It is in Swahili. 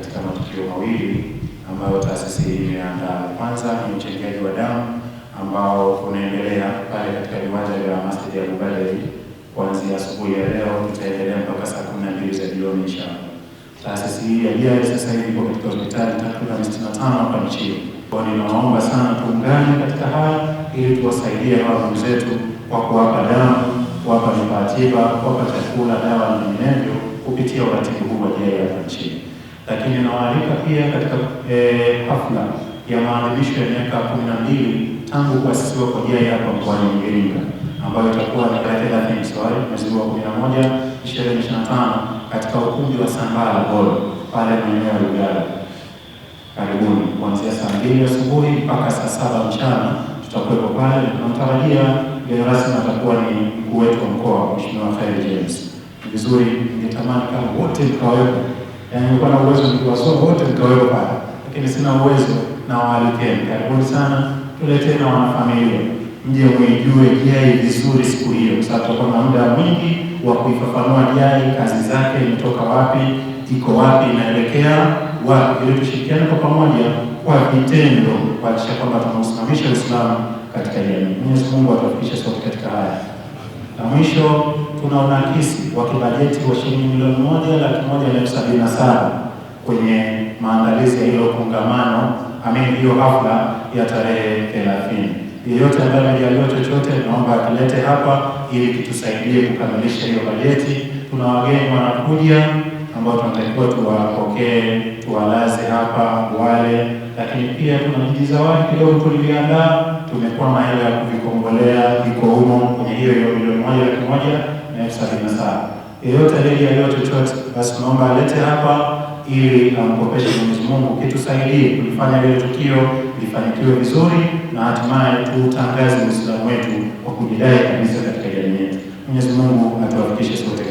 katika matukio mawili ambayo taasisi hii imeandaa. Kwanza ni uchangiaji wa damu ambao unaendelea pale katika viwanja vya masjidi ya Mubadali kuanzia asubuhi ya leo, itaendelea mpaka saa kumi na mbili za jioni inshallah. Taasisi hii ya JAI sasa hivi iko katika hospitali takriban sitini na tano hapa nchini. Kwa ninawaomba sana tuungane katika haya ili tuwasaidie hawa ndugu zetu kwa kuwapa damu, kuwapa vifaa tiba, kuwapa chakula, dawa na vinginevyo kupitia uratibu huu wa JAI hapa nchini lakini anawaalika pia katika eh, hafla e, ya maadhimisho ya miaka kumi na mbili tangu kuasisiwa kwa jia ya hapa mkoani Iringa ambayo itakuwa ni tarehe thelathini sawari mwezi wa kumi na moja ishirini na tano katika ukumbi wa Sambala Bolo pale maeneo ya Lugala. Karibuni kuanzia saa mbili asubuhi mpaka saa saba mchana tutakuwepo pale. na Tunamtarajia mgeni rasmi atakuwa ni mkuu wetu wa mkoa Mheshimiwa Kheri James. Vizuri, ningetamani kama wote mkawepo Yaani nilikuwa na uwezo nikiwasoma wote nikaweka pale, lakini sina uwezo na waalikeni. Karibuni sana, tuletee na wanafamilia mje mwijue JAI vizuri siku hiyo, kwa sababu tutakuwa na muda mwingi wa kuifafanua JAI, kazi zake, imetoka wapi, iko wapi, inaelekea wapi, ili tushirikiane kwa pamoja kwa vitendo kuhakikisha kwamba tunausimamisha Uislamu katika jamii. Mwenyezi Mungu atufikishe sote katika haya. La mwisho tuna unakisi wa kibajeti wa shilingi milioni moja laki moja elfu sabini na saba kwenye maandalizi ya hilo kongamano amini, hiyo hafla ya tarehe thelathini. Yeyote ambaye amejaliwa chochote, naomba atulete hapa ili kitusaidie kukamilisha hiyo bajeti. Tuna wageni wanakuja ambao tunatakiwa tuwapokee, tuwalaze hapa wale, lakini pia tuna vijizawadi kidogo tuliviandaa, tumekuwa na hela ya kuvikombolea, viko humo kwenye hiyo hiyo milioni moja laki moja na elfu sabini na saba. Yeyote aliyejaliwa chochote, basi tunaomba alete hapa ili amkopeshe Mwenyezi Mungu kitusaidie kulifanya lile tukio lifanikiwe vizuri na hatimaye tutangaze Uislamu wetu kwa kujidai kabisa katika jamii yetu. Mwenyezi Mungu atuwafikishe sote